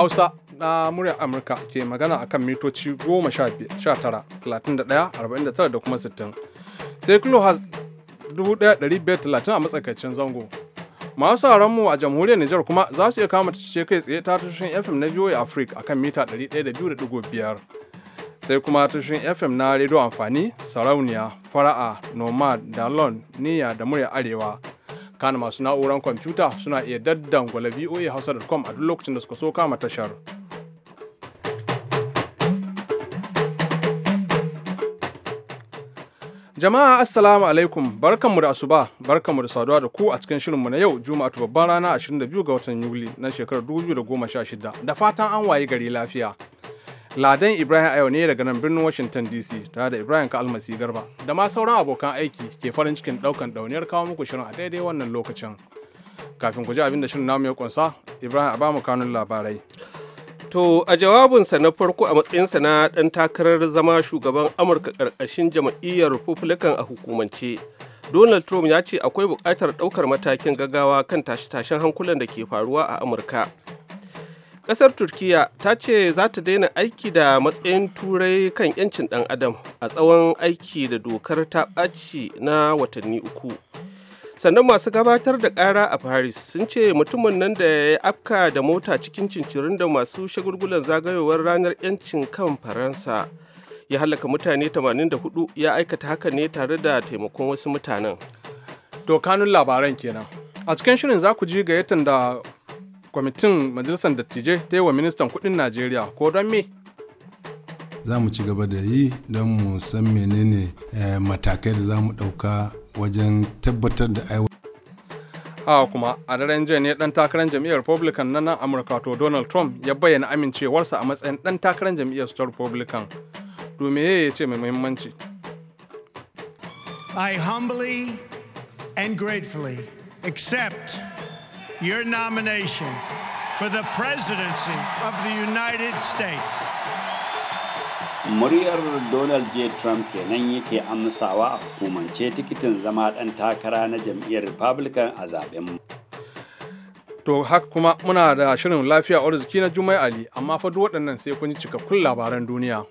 Hausa na muryar Amurka ke magana a kan mitoci 19,31,49 da kuma 60. Sai 1,530 a matsakaicin zango. Masu sauran a jamhuriyar Nijar kuma za su iya kama ce kai tsaye ta tushen FM na VOA Africa kan mita 102.5. Sai kuma tushen FM na rediyo amfani, sarauniya, fara'a, nomad, dalon, niya da murya arewa. kana masu naurar kwamfuta suna iya daddan daddangwala voa hausa.com a duk lokacin da suka so kama tashar jama'a assalamu alaikum barkanmu da asuba mu da saduwa da ku a cikin shirinmu na yau ta babban rana 22 ga watan yuli na shekarar 2016 da fatan an waye gari lafiya Ladan Ibrahim Ayo ne daga nan birnin Washington DC tare da Ibrahim ka almasi Garba da ma sauran abokan aiki ke farin cikin daukan dauniyar kawo muku shirin a daidai wannan lokacin. Kafin ku ji abin da shirin namu ya kunsa, Ibrahim a ba mu kanun labarai. To a jawabinsa na farko a matsayinsa na ɗan takarar zama shugaban Amurka ƙarƙashin jam'iyyar Republican a hukumance, Donald Trump ya ce akwai buƙatar ɗaukar matakin gaggawa kan tashe-tashen hankulan da ke faruwa a Amurka. Ƙasar Turkiyya ta ce za ta daina aiki da matsayin turai kan 'yancin ɗan adam a tsawon aiki da dokar ta ɓaci na watanni uku. Sannan masu gabatar da ƙara a Paris sun ce mutumin nan da ya afka da mota cikin cincirin da masu shagulgulan zagayowar ranar 'yancin kan Faransa ya halaka mutane 84 ya aikata haka ne tare da taimakon wasu mutanen. Dokanin labaran kenan. A cikin shirin za ku ji gayyatar da kwamitin majalisar dattijai ta yi wa ministan kudin najeriya ko don me za mu ci gaba da yi don mu san menene eh, matakai da za mu ɗauka wajen tabbatar da aiwa a kuma a daren jiya ne dan takarar jam'iyyar republican na nan amurka to donald trump ya bayyana amincewarsa a matsayin dan takarar jam'iyyar ta republican domin ya ce mai muhimmanci i humbly and gratefully accept your nomination for the presidency of the United States. Muryar Donald J. Trump kenan yake amsawa a hukumance tikitin zama ɗan takara na jam'iyyar Republican a zaben. To haka kuma muna da shirin lafiya arziki na Jumai Ali, amma fa duk waɗannan sai kun ji cikakkun labaran duniya.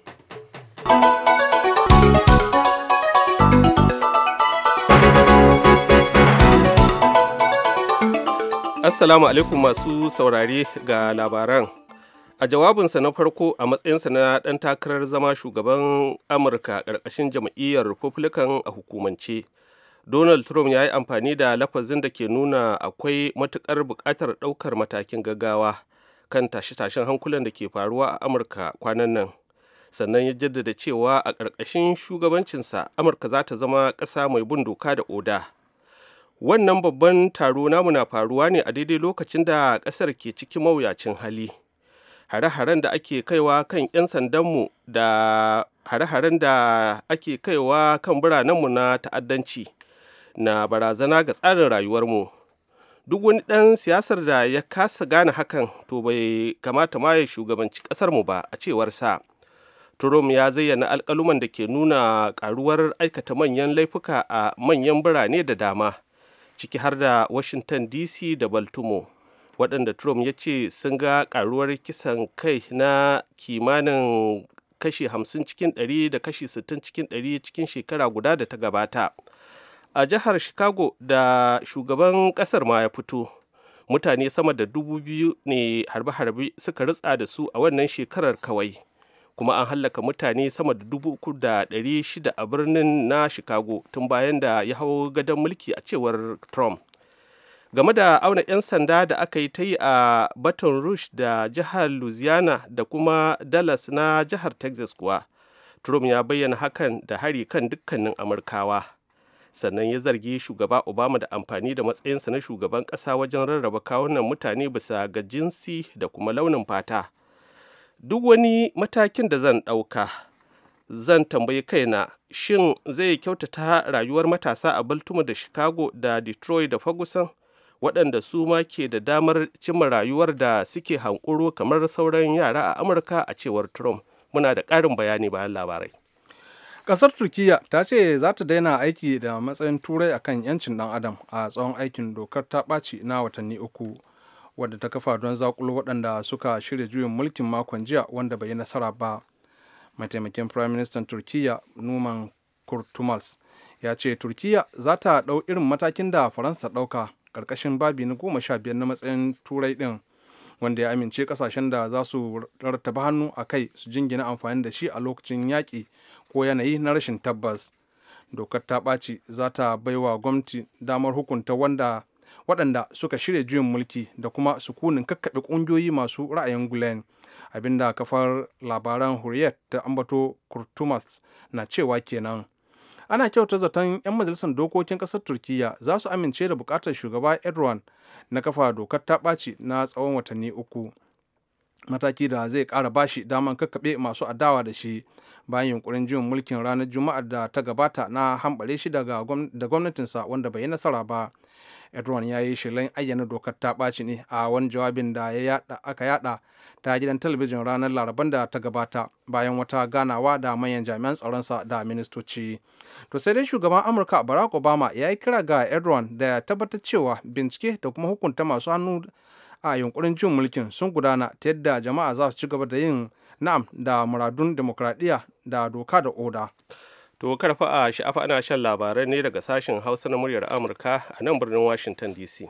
Assalamu alaikum masu saurare ga labaran. A jawabinsa na farko a matsayinsa na ɗan takarar zama shugaban Amurka ƙarƙashin jam'iyyar Republican a hukumance. Donald Trump ya yi amfani da lafazin da ke nuna akwai matuƙar buƙatar ɗaukar matakin gaggawa kan tashe-tashen hankulan da ke faruwa a Amurka kwanan nan. Sannan ya jaddada cewa a ƙarƙashin shugabancinsa Amurka za ta zama ƙasa mai bin doka da oda. wannan babban taro namu na faruwa ne a daidai lokacin da ƙasar ke cikin mawuyacin hali hare-haren da ake kaiwa kan 'yan sandanmu da hare-haren da ake kaiwa kan biranenmu na ta'addanci na barazana ga tsarin rayuwarmu duk wani ɗan siyasar da ya kasa gane hakan to bai kamata ma ya shugabanci ƙasarmu ba a cewar sa trump ya zayyana alƙaluman da ke nuna ƙaruwar aikata manyan laifuka a manyan birane da dama ciki har da washington dc da baltimore waɗanda trump ya ce sun ga karuwar kisan kai na kimanin kashi 50 cikin 100 da kashi 60 cikin 100 cikin shekara guda da ta gabata a jihar chicago da shugaban ƙasar ma ya fito mutane sama da dubu biyu ne harbe-harbe suka rutsa da su a wannan shekarar kawai kuma an hallaka mutane sama da dubu uku da ɗari shida a birnin na chicago tun bayan da ya hau gadon mulki a cewar trump game da auna 'yan sanda da aka yi ta yi a baton rouge da jihar louisiana da kuma dallas na jihar texas kuwa trump ya bayyana hakan da hari kan dukkanin amurkawa sannan ya zargi shugaba obama da amfani da matsayinsa na shugaban ƙasa wajen rarraba kawunan mutane bisa ga jinsi da kuma launin fata duk wani matakin da zan ɗauka zan tambayi kaina shin zai kyautata rayuwar matasa a baltimore da chicago da detroit da ferguson waɗanda su ma ke da damar cimma rayuwar da suke hankuro kamar sauran yara a amurka a cewar trump muna da ƙarin bayani bayan labarai ƙasar turkiya ta ce za ta daina aiki da matsayin turai akan yancin dan adam a tsawon aikin dokar ta ɓaci na watanni uku wadda ta kafa don zakulo waɗanda suka shirya juyin mulkin makon jiya wanda bai yi nasara ba mataimakin prime minister turkiya numan kurtumals ya ce turkiya za ta ɗau irin matakin da faransa ɗauka ƙarƙashin babi na goma sha biyar na matsayin turai ɗin wanda ya amince ƙasashen da za su rartaba hannu a kai su jingina amfani da shi a lokacin yaƙi ko yanayi na rashin tabbas dokar ta ɓaci za ta baiwa gwamnati damar hukunta wanda waɗanda suka shirya juyin mulki da kuma sukunin kakkaɓe ƙungiyoyi masu ra'ayin gulen abinda kafar labaran huryat ta ambato kurtumas na cewa kenan ana kyauta zaton 'yan majalisar dokokin ƙasar turkiyya za su amince da buƙatar shugaba erdogan na kafa dokar ta ɓaci na tsawon watanni uku mataki da zai ƙara bashi daman kakkaɓe masu adawa da shi bayan yunkurin juyin mulkin ranar juma'ar da ta gabata na hambare shi da gwamnatinsa wanda bai yi nasara ba edron ya yi shirin ayyana dokar ta ɓaci ne a wani jawabin da aka yada ta gidan talabijin ranar laraban da ta gabata bayan wata ganawa da manyan jami'an tsaronsa da ministoci to sai dai shugaban amurka barack obama ya yi kira ga edron da ya tabbatar cewa bincike da kuma hukunta masu hannu a yunkurin jin mulkin sun gudana ta yadda jama'a za su ci gaba da yin na'am da muradun demokradiyya da doka da oda. To karfa a sha'afa ana shan labarai ne daga sashen Hausa na muryar Amurka a nan birnin Washington DC.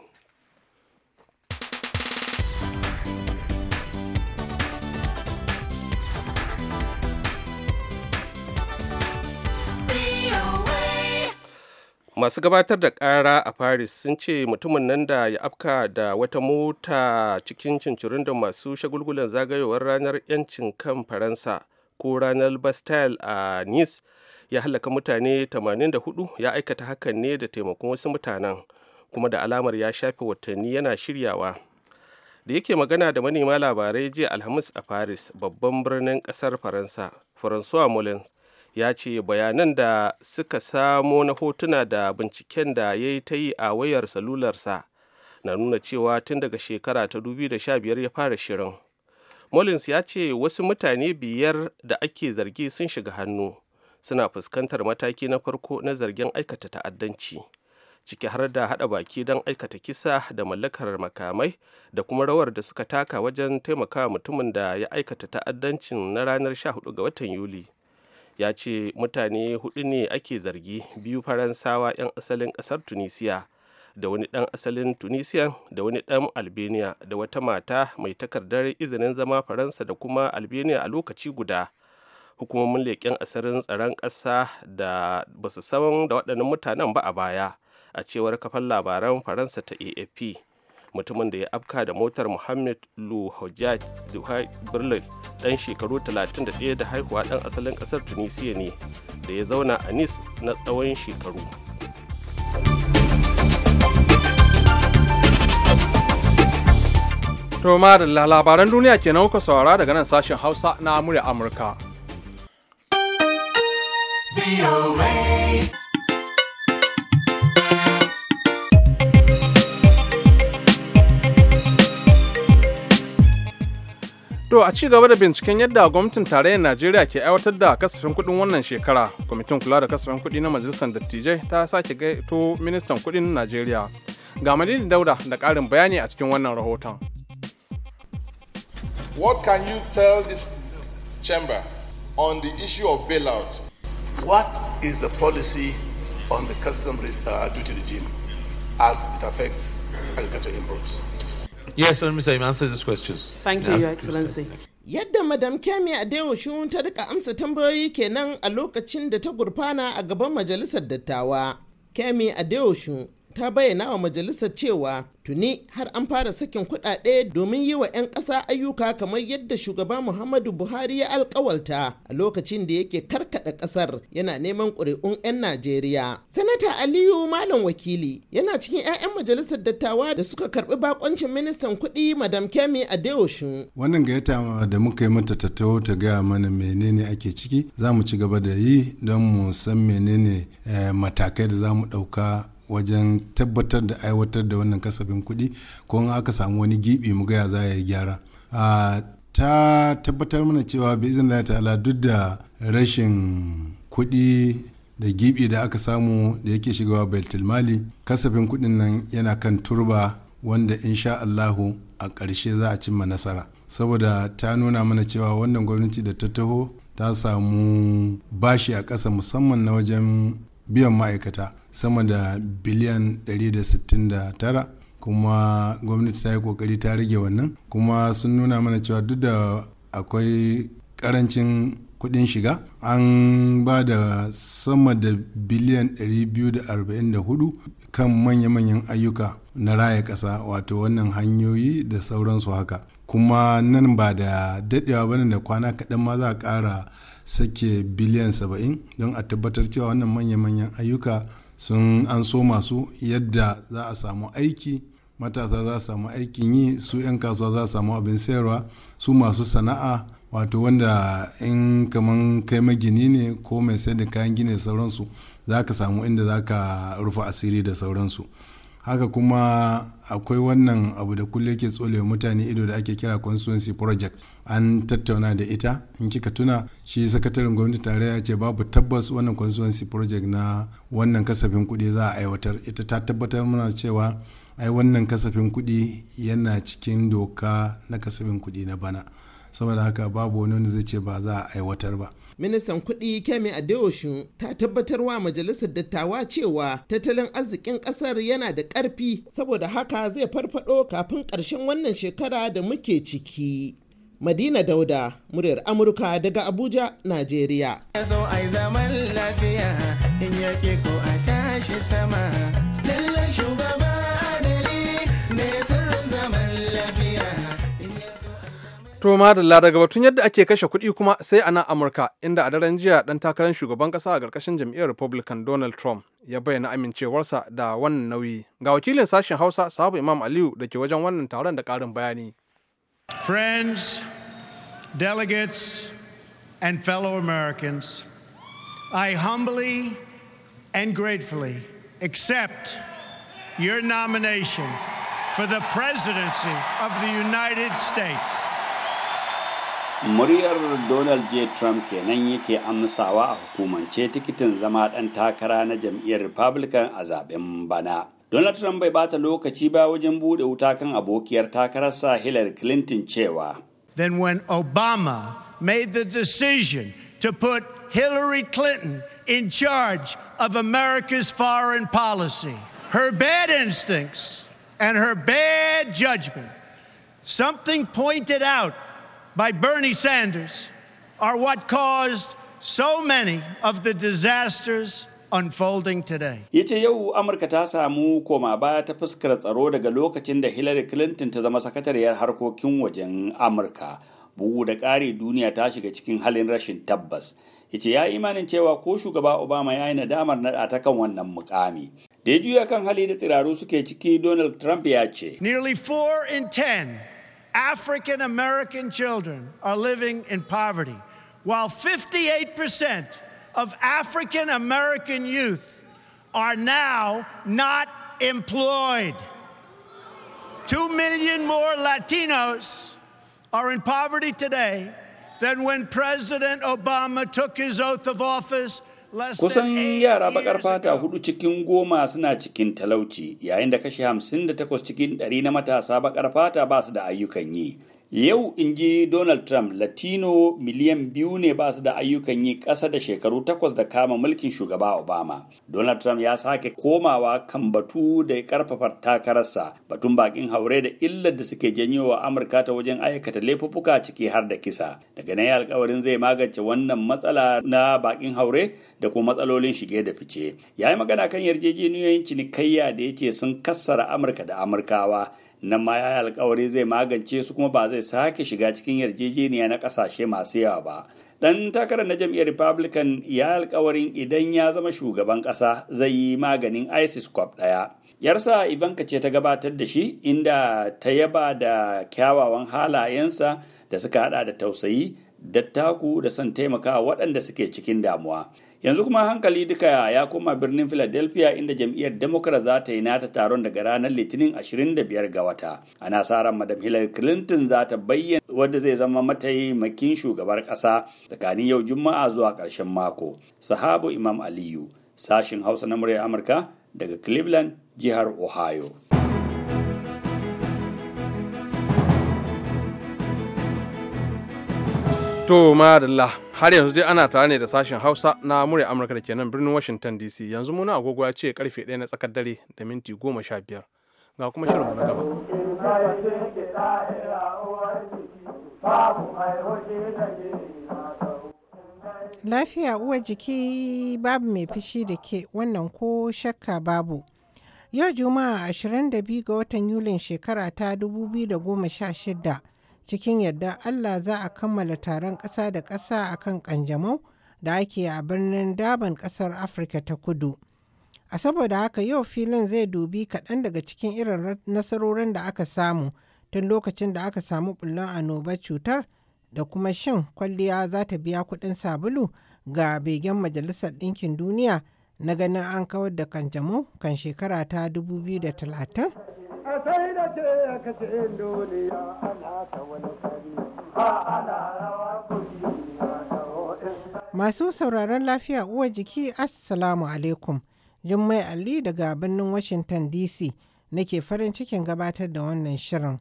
masu gabatar da kara a paris sun ce mutumin nan da ya afka da wata mota cikin cincirin da masu shagulgulan zagayowar ranar 'yancin kan faransa ko ranar bastille a nice ya halaka mutane 84 ya aikata hakan ne da taimakon wasu mutanen kuma da alamar ya shafe watanni yana shiryawa da yake magana da manema labarai jiya alhamis a paris babban birnin kasar faransa francois molins ya ce bayanan da suka samo na hotuna da binciken da ya yi ta yi a wayar salularsa na nuna cewa tun daga shekara ta 2015 ya fara shirin Molins ya ce wasu mutane biyar da ake zargi sun shiga hannu suna fuskantar mataki na farko na zargin aikata ta'addanci ciki har da haɗa baki don aikata kisa da mallakar makamai da kuma rawar da suka taka wajen taimakawa mutumin da ya aikata ta'addancin na ranar 14 ga watan yuli ya ce mutane hudu ne ake zargi biyu faransawa 'yan asalin ƙasar tunisia da wani ɗan asalin tunisian da wani ɗan albania da wata mata mai takardar izinin zama faransa da kuma albania a lokaci guda hukumomin leƙen asirin tsaron ƙasa da ba su san da waɗannan mutanen ba a baya a cewar kafan labaran faransa ta afp mutumin da ya afka da motar muhammad luhajjaj duhai birlin ɗan shekaru 31 da haihuwa ɗan asalin ƙasar tunisiya ne da ya zauna a Nis na tsawon shekaru To da labaran duniya kenan kuka saurara daga nan sashen Hausa na murya Amurka. To a ci gaba da binciken yadda gwamnatin tarayyar Najeriya ke aiwatar da kasafin kuɗin wannan shekara, kwamitin kula da kasafin kuɗi na majalisar dattijai ta sake gaito ministan kuɗin Najeriya. Ga Madini Dauda da ƙarin bayani a cikin wannan rahoton. What can you tell this chamber on the issue of bailout? What is the policy on the custom uh, duty regime as it affects agricultural imports? Yes, Honorable Salim, answer those questions. Thank you, no, Your Excellency. Yadda Madam Kemi Adeoshun ta rika amsa tambayoyi kenan a lokacin da ta gurfana a gaban Majalisar Dattawa. Kemi Adeoshun ta bayyana wa majalisar cewa tuni har an fara sakin kuɗaɗe domin yi wa 'yan ƙasa ayyuka kamar yadda shugaba Muhammadu Buhari ya alkawalta a lokacin da yake karkaɗa ƙasar yana neman ƙuri'un 'yan Najeriya. Sanata Aliyu Malam Wakili yana cikin 'ya'yan majalisar dattawa da suka karɓi bakoncin ministan kuɗi Madam Kemi Adeoshun. Wannan gayyata da muka yi mata tattau ta gaya mana menene ake ciki za mu ci gaba da yi don mu san menene eh, matakai da za mu ɗauka wajen tabbatar da aiwatar da wannan kasafin kuɗi ko in aka samu wani gibi mu gaya za a yi gyara ta tabbatar mana cewa bi izin Allah ta'ala duk da rashin kuɗi da gibi da aka samu da yake shigawa baitul mali kasafin kuɗin nan yana kan turba wanda insha Allahu a ƙarshe za a cimma nasara saboda ta nuna mana cewa wannan gwamnati da ta taho ta samu bashi a ƙasa musamman na wajen biyan ma'aikata sama da biliyan 169 kuma gwamnati ta yi kokari ta rage wannan kuma sun nuna mana cewa duk da akwai karancin kudin shiga an ba da sama da biliyan 244 kan manya-manyan ayyuka na raya ƙasa wato wannan hanyoyi da sauransu haka kuma nan ba da daɗewa bane da kwana kaɗan ma za a ƙara sake biliyan 70 don a tabbatar cewa wannan manya-manyan ayyuka sun an so masu yadda za a samu aiki matasa za a samu aikin yi su 'yan kasuwa za a samu abin sayarwa su masu sana'a wato wanda in kamar kai magini ne ko mai sai da kayan gini da sauransu za ka samu inda za ka rufe asiri da sauransu haka kuma akwai wannan abu da kullum yake tsole mutane ido da ake kira constituency project an tattauna da ita in kika tuna shi sakataren gwamnati tare ya ce babu tabbas wannan constituency project na wannan kasafin kuɗi za a aiwatar ita ta tabbatar mana cewa ai wannan kasafin kuɗi yana cikin doka na kasafin kuɗi na bana saboda haka babu wani wanda zai ce ba za a aiwatar ba ministan kuɗi kemi adeoshun ta tabbatar wa majalisar dattawa cewa tattalin arzikin ƙasar yana da ƙarfi saboda haka zai farfado kafin ƙarshen wannan shekara da muke ciki madina dauda muryar amurka daga abuja najeriya zaman lafiya in ko a tashi sama To ma daga batun yadda ake kashe kuɗi kuma sai a nan Amurka inda a daren jiya ɗan takarar shugaban ƙasa a ƙarƙashin jam'iyyar Republican Donald Trump ya bayyana amincewarsa da wannan nauyi. Ga wakilin sashen Hausa Sahabu Imam Aliyu da ke wajen wannan taron da ƙarin bayani. Friends, delegates and fellow Americans, I humbly and gratefully accept your nomination for the presidency of the United States. muryar donald j trump kenan yake amsawa a hukumance tikitin zama ɗan takara na jam'iyyar republican a zaben bana donald trump bai bata lokaci ba wajen buɗe wuta kan abokiyar takararsa hillary clinton cewa then when obama made the decision to put hillary clinton in charge of america's foreign policy her bad instincts and her bad judgment something pointed out by Bernie Sanders are what caused so many of the disasters unfolding today. Ya ce yau Amurka ta samu koma baya ta fuskar tsaro daga lokacin da Hillary Clinton ta zama sakatariyar harkokin wajen Amurka. Bugu da ƙari duniya ta shiga cikin halin rashin tabbas. Ya ce ya imanin cewa ko shugaba Obama ya yi nadamar naɗa ta kan wannan mukami. Da ya juya kan hali da tsiraru suke ciki Donald Trump ya ce. Nearly four in ten African American children are living in poverty, while 58% of African American youth are now not employed. Two million more Latinos are in poverty today than when President Obama took his oath of office Kusan yara bakar fata hudu cikin goma suna cikin talauci yayin da kashi hamsin da takwas cikin ɗari na matasa bakar fata ba su da ayyukan yi. Yau in ji Donald Trump, Latino miliyan biyu ne ba su da ayyukan yi ƙasa da shekaru takwas da kama mulkin shugaba Obama. Donald Trump ya sake komawa kan batu da ya karfafa takararsa, batun bakin haure da illar da suke janyo wa Amurka ta wajen aikata laifuffuka ciki har da kisa. Daga nan alkawarin zai magance wannan matsala na bakin haure da kuma matsalolin shige da fice. Ya yi magana kan yarjejeniyoyin cinikayya da ya ce sun kassara Amurka da Amurkawa. nan ma ya yi alkawari zai magance su kuma ba zai sake shiga cikin yarjejeniya na kasashe masu yawa ba dan takarar na jam'iyyar republican ya yi alkawarin idan ya zama shugaban kasa zai yi maganin isis kwab ɗaya. yarsa ivanka ce ta gabatar da shi inda ta yaba da kyawawan halayensa da suka hada da tausayi dattaku da son taimakawa waɗanda suke cikin damuwa yanzu kuma hankali duka ya koma birnin philadelphia inda jam'iyyar democrat za ta yi nata taron daga ranar litinin 25 ga wata ana sa ran madam hillary clinton za ta bayyana wadda zai zama mataimakin shugabar kasa tsakanin yau juma'a zuwa ƙarshen mako sahabu imam aliyu sashin hausa na murya amurka daga cleveland jihar ohio To madalla har yanzu dai ana tare ne da sashen Hausa na murya Amurka da kenan birnin Washington DC yanzu muna agogo ya ce karfe 1 na tsakar dare da minti 15 ga kuma shirin mu na gaba. Lafiya uwar jiki babu mai fishi da ke wannan ko shakka babu. Yau Juma'a 22 ga watan Yulin shekara ta 2016 cikin yadda Allah za a kammala taron ƙasa da ƙasa a kan ƙanjamau da ake a birnin daban ƙasar Afirka ta kudu. A saboda haka yau filin zai dubi kaɗan daga cikin irin nasarorin da aka samu tun lokacin da aka samu ɓullon annobar cutar da kuma shin kwalliya za ta biya kuɗin sabulu ga begen Majalisar Ɗinkin Duniya na ganin an kawar da kanjamau kan shekara ta 2030. Masu sauraron lafiya uwa jiki Assalamu alaikum. Jummai Ali daga birnin Washington DC nake farin cikin gabatar da wannan shirin.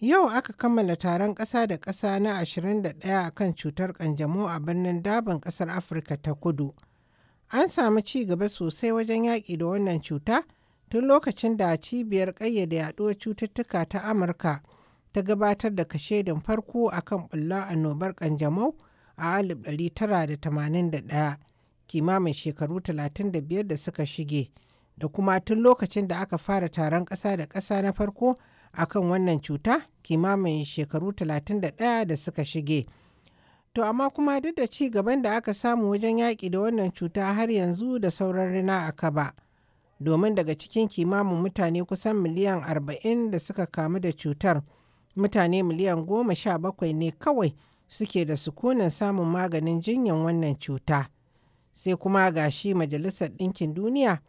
Yau aka kammala taron ƙasa da ƙasa na 21 kan cutar ƙanjamau a birnin Daban ƙasar Afirka ta Kudu. An samu ci gaba sosai wajen yaƙi da wannan cuta tun lokacin da cibiyar ƙayyade yaduwar cututtuka ta amurka ta gabatar da kashedin farko a kan bulla annobar ƙanjamau a 1981 kimamin shekaru 35 da suka shige da kuma tun lokacin da aka fara taron ƙasa da ƙasa na farko a kan wannan cuta kimamin shekaru 31 da suka shige to amma kuma duk da ci gaban da aka samu wajen yaƙi da wannan cuta har yanzu da sauran rina a kaba. ba domin daga cikin kimamin mutane kusan miliyan 40 da suka kamu da cutar mutane miliyan 17 ne kawai suke da sukunan samun maganin jinyan wannan cuta sai kuma gashi majalisar ɗinkin duniya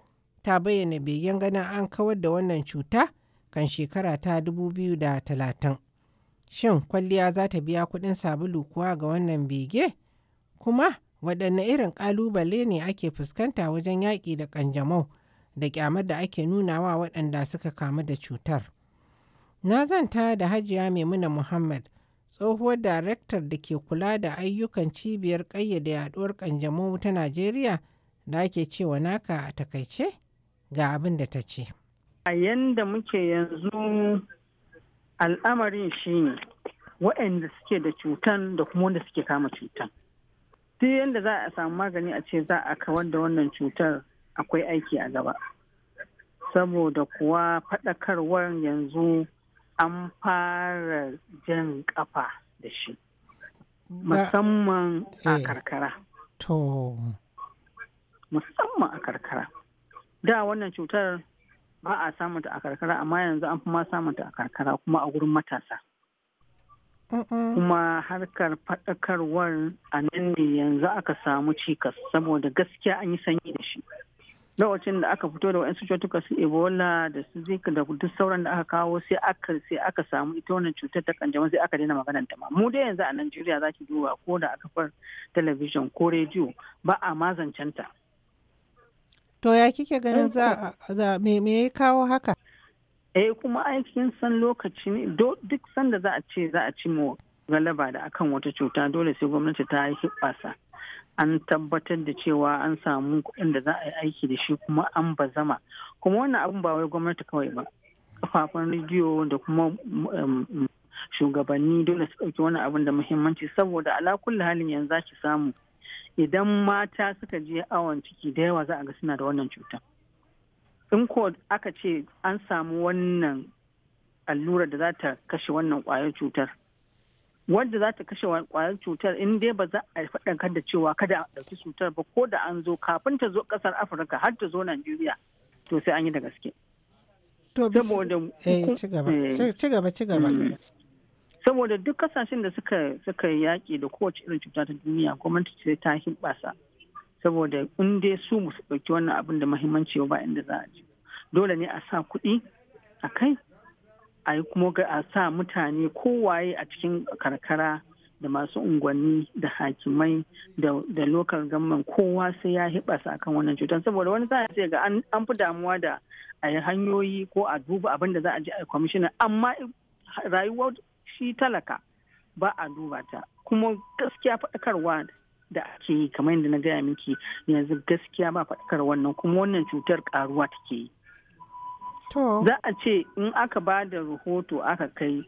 ta bayyana begen ganin an kawar da wannan cuta kan shekara ta 2030 shin kwalliya za ta biya kuɗin sabulu kuwa ga wannan bege kuma waɗanne irin ƙalubale ne ake fuskanta wajen yaƙi da ƙanjamau da kyamar da ake nunawa waɗanda suka kamu da cutar. Na zanta da Hajiya Maimuna Muhammad, tsohuwar daraktar da ke kula da ayyukan cibiyar ƙayyade yaɗuwar ƙanjamau ta Najeriya da ake cewa naka a takaice ga abin da ta ce. A yanda muke yanzu al'amarin shi ne waɗanda suke da cutan da kuma wanda suke kama cutan. Duk yanda za a samu magani a ce za a kawar da wannan cutar akwai aiki a gaba saboda kuwa faɗakarwar yanzu an fara jan ƙafa da shi musamman a eh. karkara musamman a karkara da wannan cutar ba a samunta a karkara amma yanzu an fi ma samunta a karkara kuma a gurin matasa kuma harkar faɗakarwar a nan ne yanzu aka samu cikas saboda gaskiya an yi sanyi da shi lokacin da aka fito da wa'yansu cutuka su ebola da su zika da duk sauran da aka kawo sai aka sai aka samu ita wannan cutar ta kanjama sai aka daina maganar ta ma mu dai yanzu a Najeriya za ki duba ko da aka far talabijin ko rediyo ba a mazancen ta to ya kike ganin eh, za me me ya kawo haka eh kuma aikin san lokaci duk sanda za a ce za a ci mu galaba da akan wata cuta dole sai gwamnati ta yi hibbasa an tabbatar da cewa an samu kuɗin da za a yi aiki da shi kuma an bazama kuma wannan abin ba wai gwamnati kawai ba kafafen rediyo da kuma um, shugabanni dole su ɗauki wani abin da muhimmanci saboda ala kulli halin yanzu za ki samu idan mata suka je awon ciki da yawa za a ga suna da wannan cuta in ko aka ce an samu wannan allurar da za ta kashe wannan ƙwayar cutar wanda za ta kashe kwayar cutar in dai ba za a kan da cewa kada a ɗauki cutar ba ko da an zo kafin ta zo ƙasar afirka har ta zo najeriya to sai an yi da gaske saboda duk kasashen da suka suka yaƙi da kowace irin cuta ta duniya gwamnati ce ta himbasa saboda in dai su musu ɗauki wannan abin da muhimmanci ba inda za a ji dole ne a sa kuɗi a kai a yi kuma a sa mutane kowaye a cikin karkara da masu unguwanni da hakimai da lokal gamman kowa sai ya hiɓa kan wannan cutar saboda wani sa sai ga an fi damuwa da a yi hanyoyi ko a duba abin da za a je a kwamishina amma rayuwar shi talaka ba a duba ta kuma gaskiya faɗakarwa da ake yi kamar yadda na gaya miki yanzu gaskiya ba faɗakar wannan kuma wannan cutar ƙaruwa take yi. Za a ce in aka ba da rahoto aka kai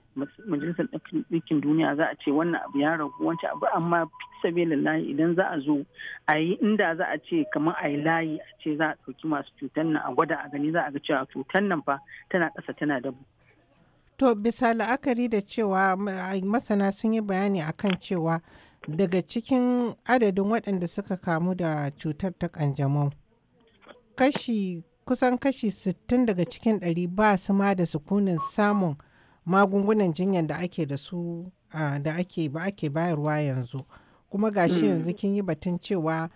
majalisar ɗinkin duniya za a ce wannan abu ya ragu wancan abu amma sabi layi idan za a zo a yi inda za a ce kamar a yi layi a ce za a ɗauki masu cutar nan a gwada a gani za a ga cewa cutar nan fa tana ƙasa tana dabu. To bisa la'akari da cewa masana sun yi bayani akan cewa daga cikin adadin waɗanda suka kamu da cutar ta kanjamau kashi kusan kashi 60 daga cikin ɗari ba su ma da sukunin samun magungunan jinyar da ake da su da ake ba ake bayarwa yanzu kuma gashi hmm. yanzu kin yi batun cewa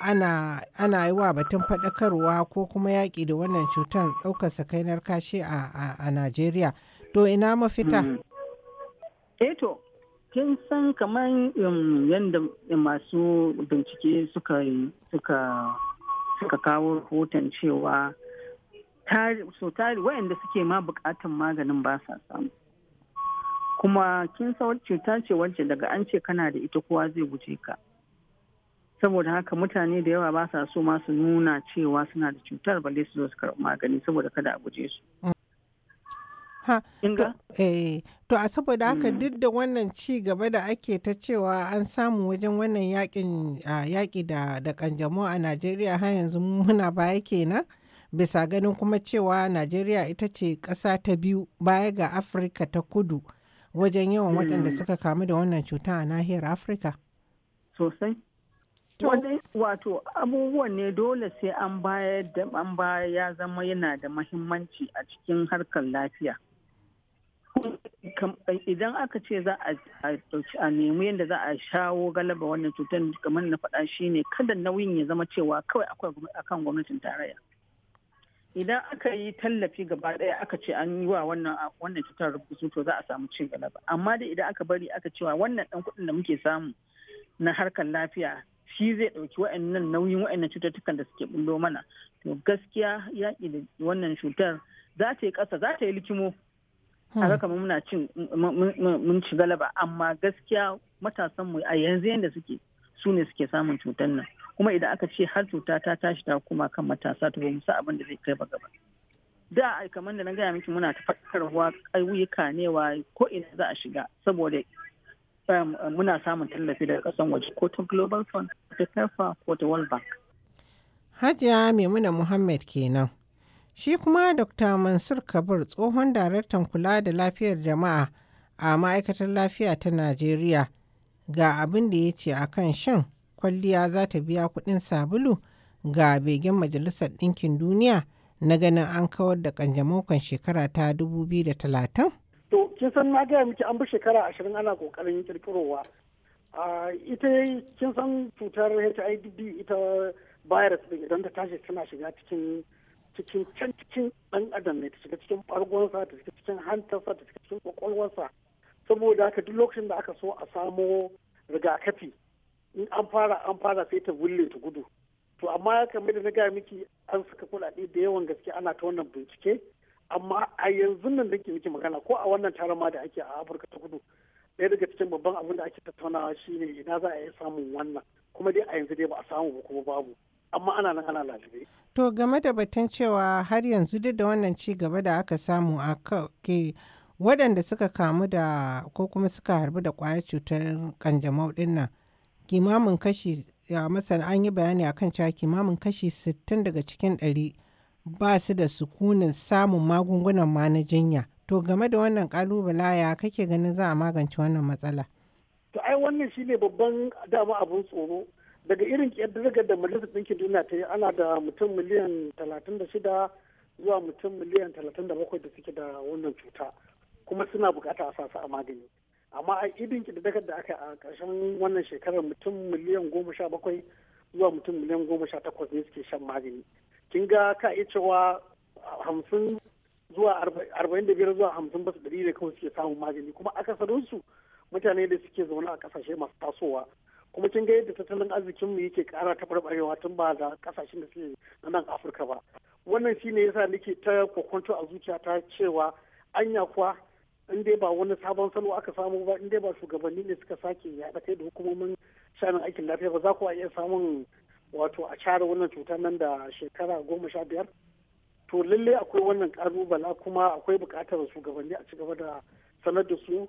ana ana yi wa batun faɗakarwa ko kuma yaƙi da wannan cutar ɗaukar sakainar kashi a Najeriya to ina mafita hmm. eto eh kin san kamar um, yadda masu bincike suka suka suka kawo rahoton cewa so tari wayanda suke ma bukatan maganin ba sa samu kuma kin cuta ce wacce daga an ce kana da ita kowa zai guje ka saboda haka mutane da yawa ba sa so ma su nuna cewa suna da cutar balle su zo su karɓi magani saboda kada a guje su Ha, to, eh, to a saboda haka mm. duk da wannan ci gaba da ake ta cewa an samu wajen wannan yakin yaki da da kanjamo a Najeriya har yanzu muna baya kenan bisa ganin kuma cewa Najeriya ita ce ƙasa ta biyu baya ga Afirka ta kudu wajen yawan waɗanda mm. suka kamu da wannan cuta a nahiyar Afirka. Sosai. Wato abubuwan ne dole sai an bayar da an baya ya zama yana da mahimmanci a cikin harkar lafiya. idan aka ce za a nemi yadda za a shawo galaba wannan cutar kamar na faɗa ne kada nauyin ya zama cewa kawai akwai akan gwamnatin tarayya idan aka yi tallafi gaba ɗaya aka ce an yi wa wannan cutar rubutu to za a samu cin galaba amma da idan aka bari aka cewa wannan ɗan kuɗin da muke samu na harkar lafiya shi zai ɗauki wa'annan nauyin wa'annan cututtukan da suke bullo mana to gaskiya yaƙi da wannan cutar za ta yi ƙasa za ta yi likimo kaga hmm. kamar muna cin mun ci galaba amma gaskiya matasan mu a yanzu yanda suke su ne suke samun cutar nan kuma idan aka ce har cuta ta tashi ta kuma kan matasa to bamu sa abin da zai kai ba gaba da ai kamar da na gaya miki muna ta fakar wa ne wa ko ina za a shiga saboda um, muna samun tallafi daga kasan waje ko ta global fund ko ta ko ta world bank hajiya maimuna muhammad kenan Shi kuma Dr. Mansur Kabir tsohon daraktan kula da lafiyar jama'a a ma'aikatar lafiya ta Najeriya ga abin da ya ce a kan shan kwalliya za ta biya kuɗin sabulu ga begen Majalisar Ɗinkin Duniya na ganin an kawar da kanjamokan shekara ta 2030? To, kin san na gaya miki an bi shekara ashirin ana kokarin kirkirowa. ita kin san cutar HIV ita virus din idan ta tashi tana shiga cikin cikin can cikin ɗan adam ne ta cikin ɓargonsa ta shiga cikin hantarsa ta shiga cikin ƙwaƙwalwarsa saboda haka duk lokacin da aka so a samo rigakafi in an fara an fara sai ta wulle ta gudu to amma kamar da na gaya miki an saka kuɗaɗe da yawan gaske ana ta wannan bincike amma a yanzu nan da ke miki magana ko a wannan tarama ma da ake a afirka ta kudu ɗaya daga cikin babban abin da ake tattaunawa shine ina za a iya samun wannan kuma dai a yanzu dai ba a samu ba kuma babu amma ana nan ana lafiya. To game da batun cewa har yanzu duk da wannan ci gaba da aka samu a ke waɗanda suka kamu da ko kuma suka harbi da ƙwayar cutar kanjamau ɗin nan kimamin kashi ya masana an yi bayani akan cewa kimamin kashi 60 daga cikin ɗari ba su da sukunin samun magungunan ma na jinya. To game da wannan kalubala ya kake ganin za a magance wannan matsala? To ai wannan shine babban dama abun tsoro daga irin ƙirƙirar da majalisar ɗinkin duniya ta yi ana da mutum miliyan talatin da shida zuwa mutum miliyan talatin da bakwai da suke da wannan cuta kuma suna bukata a sasa a magani amma a idin ƙididdigar da aka a ƙarshen wannan shekarar mutum miliyan goma sha bakwai zuwa mutum miliyan goma sha takwas ne suke shan magani kin ga ka iya cewa hamsin zuwa arba'in da biyar zuwa hamsin basu ɗari da kawai suke samun magani kuma akasarinsu mutane da suke zaune a kasashe masu tasowa kuma kin ga yadda tattalin arzikin mu yake kara taɓarɓarewa tun ba da kasashen da suke na nan Afirka ba wannan shine yasa nake ta kokonto a zuciya ta cewa anya kuwa in dai ba wani sabon salo aka samu ba in dai ba shugabanni ne suka sake yaɗa kai da hukumomin shanin aikin lafiya ba za ku iya samun wato a care wannan cutar nan da shekara goma sha biyar to lallai akwai wannan ƙalubala kuma akwai buƙatar shugabanni a ci gaba da sanar da su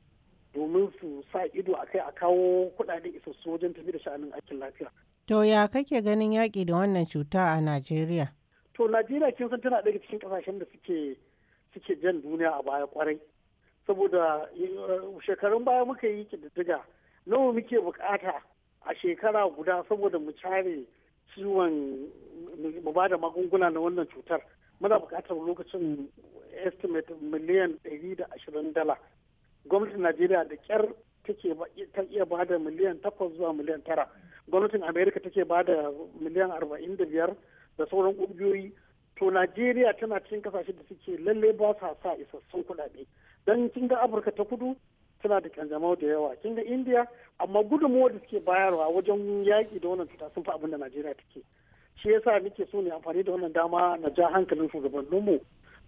domin su sa ido a kai a kawo kuɗaɗe isassu wajen tafi da sha'anin aikin lafiya. To ya kake ganin yaƙi da wannan cuta a Najeriya? To Najeriya kin san tana daga cikin ƙasashen da suke suke jan duniya a baya kwarai. Saboda eh, shekarun baya muka yi ƙididdiga nawa muke bukata a shekara guda saboda mu care ciwon mu ba da magunguna na wannan cutar. Muna bukatar lokacin estimate miliyan ɗari da ashirin dala. gwamnatin najeriya da kyar take ta iya ba da miliyan takwas zuwa miliyan tara gwamnatin amerika take ba da miliyan arba'in da biyar da sauran ƙungiyoyi to najeriya tana cikin kasashe da suke lalle ba sa sa isassun kuɗaɗe don kin ga afirka ta kudu tana da kanjamau da yawa kin ga indiya amma gudunmawar da suke bayarwa wajen yaƙi da wannan cuta sun fi abin da najeriya take shi yasa nake so ne amfani da wannan dama na ja hankalin shugabanninmu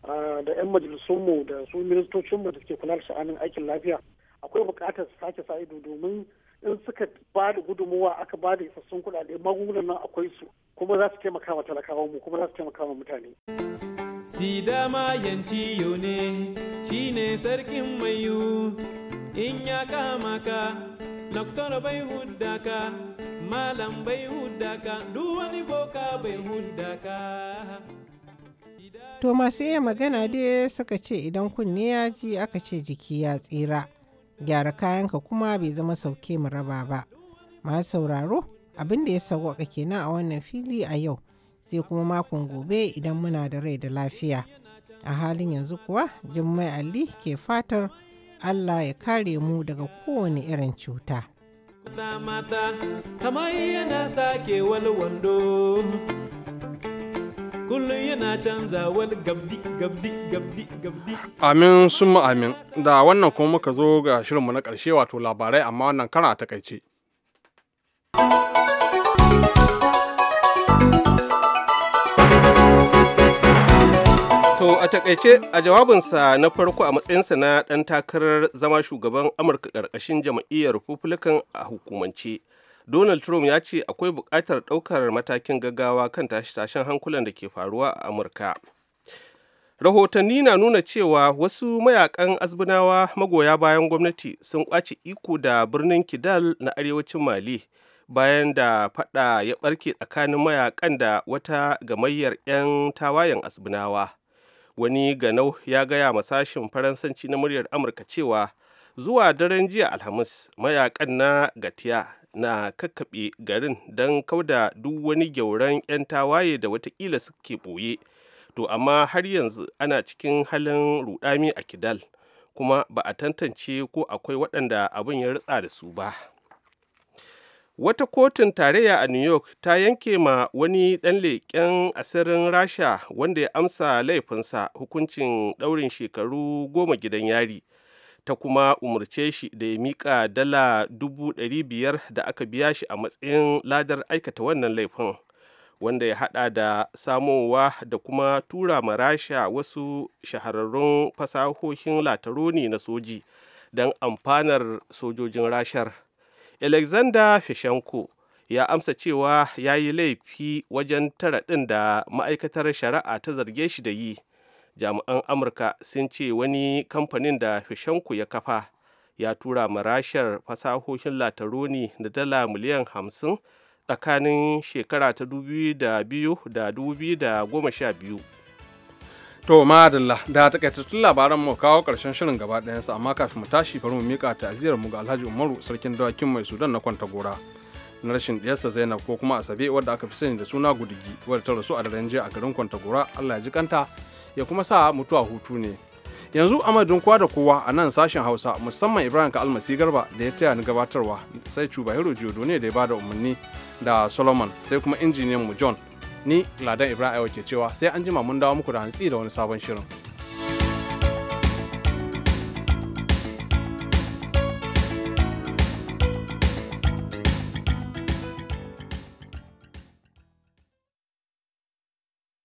da 'yan majalisunmu da su ministocinmu da suke kula da sha'anin aikin lafiya akwai bukatar su sake sa ido domin in suka ba da gudunmuwa aka ba da isassun kuɗaɗe magungunan nan akwai su kuma za su taimaka wa talakawan mu kuma za su taimaka wa mutane. Sida ma yanci ne shi ne sarkin mayu in ya kama ka doktor bai hudda ka malam bai hudda ka duk wani boka bai hudda ka. To masu iya magana dai suka ce idan kunne ya ji aka ce jiki ya tsira, gyara kayanka kuma bai zama sauke mu raba ba. Masu sauraro abin da ya sauwaka kenan a wannan fili a yau, sai kuma makon gobe idan muna da rai da lafiya. A halin yanzu kuwa Jummai Ali ke fatar Allah ya kare mu daga kowane irin cuta. Mata, kamar yana sake walwando wando. kullum yana wani gabdi gabdi gabdi gabdi amin sun amin da wannan kuma muka zo ga shirinmu na ƙarshe wato labarai amma wannan kara a takaice To a takaice a jawabinsa na farko a matsayinsa na ɗan takarar zama shugaban Amurka ƙarƙashin jam'iyyar Republican a hukumance. donald trump ya ce akwai bukatar ɗaukar matakin gaggawa kan tashe-tashen hankulan da ke faruwa a amurka rahotanni na nuna cewa wasu mayakan azbinawa magoya bayan gwamnati sun kwace iko da birnin kidal na arewacin mali bayan da fada ya barke tsakanin mayakan da wata gamayyar 'yan tawayen azbinawa wani ganau ya gaya ma masashin faransanci na muryar amurka cewa zuwa daren jiya alhamis mayakan na gatiya na kakkaɓe garin don kauda duk wani gyauran 'yan tawaye da watakila suke ɓoye to amma har yanzu ana cikin halin rudami a kidal kuma ba a tantance ko akwai waɗanda abin ya ritsa da su ba wata kotun tarayya a new york ta yanke ma wani ɗan leƙen asirin rasha wanda ya amsa laifinsa hukuncin ɗaurin shekaru goma gidan yari ta kuma umarce shi da ya mika dala dubu ɗari biyar da aka biya shi a matsayin ladar aikata wannan laifin wanda ya hada da samowa da kuma tura marasha wasu shahararrun fasahohin lataroni na soji don amfanar sojojin rashar alexander fishenko ya amsa cewa ya yi laifi wajen tara ɗin da ma'aikatar shari'a ta zarge shi da yi jami'an amurka sun ce wani kamfanin da fishanku ya kafa ya tura marashar fasahohin lataroni da dala miliyan hamsin tsakanin shekara ta 2002 da 2012 To adalla da takaitattun labaran mu kawo karshen shirin gaba ɗayansa amma kafin mu tashi bari mu mika ta'aziyar mu ga Alhaji Umaru sarkin dawakin mai Sudan na kwanta gora na rashin ɗiyarsa Zainab ko kuma Asabe wadda aka fi sani da suna Gudigi wadda ta rasu a daren jiya a garin kwanta gora Allah ya ji kanta ya kuma sa mutuwa hutu ne yanzu amadun kowa da kowa a nan sashen hausa musamman ibrahim ka almasi garba da ya taya ni gabatarwa sai cuba hero jiyo ne da ya bada umarni da solomon sai kuma injiniyan mu john ni ladan ibrahim ke cewa sai an jima mun dawo muku da hantsi da wani sabon shirin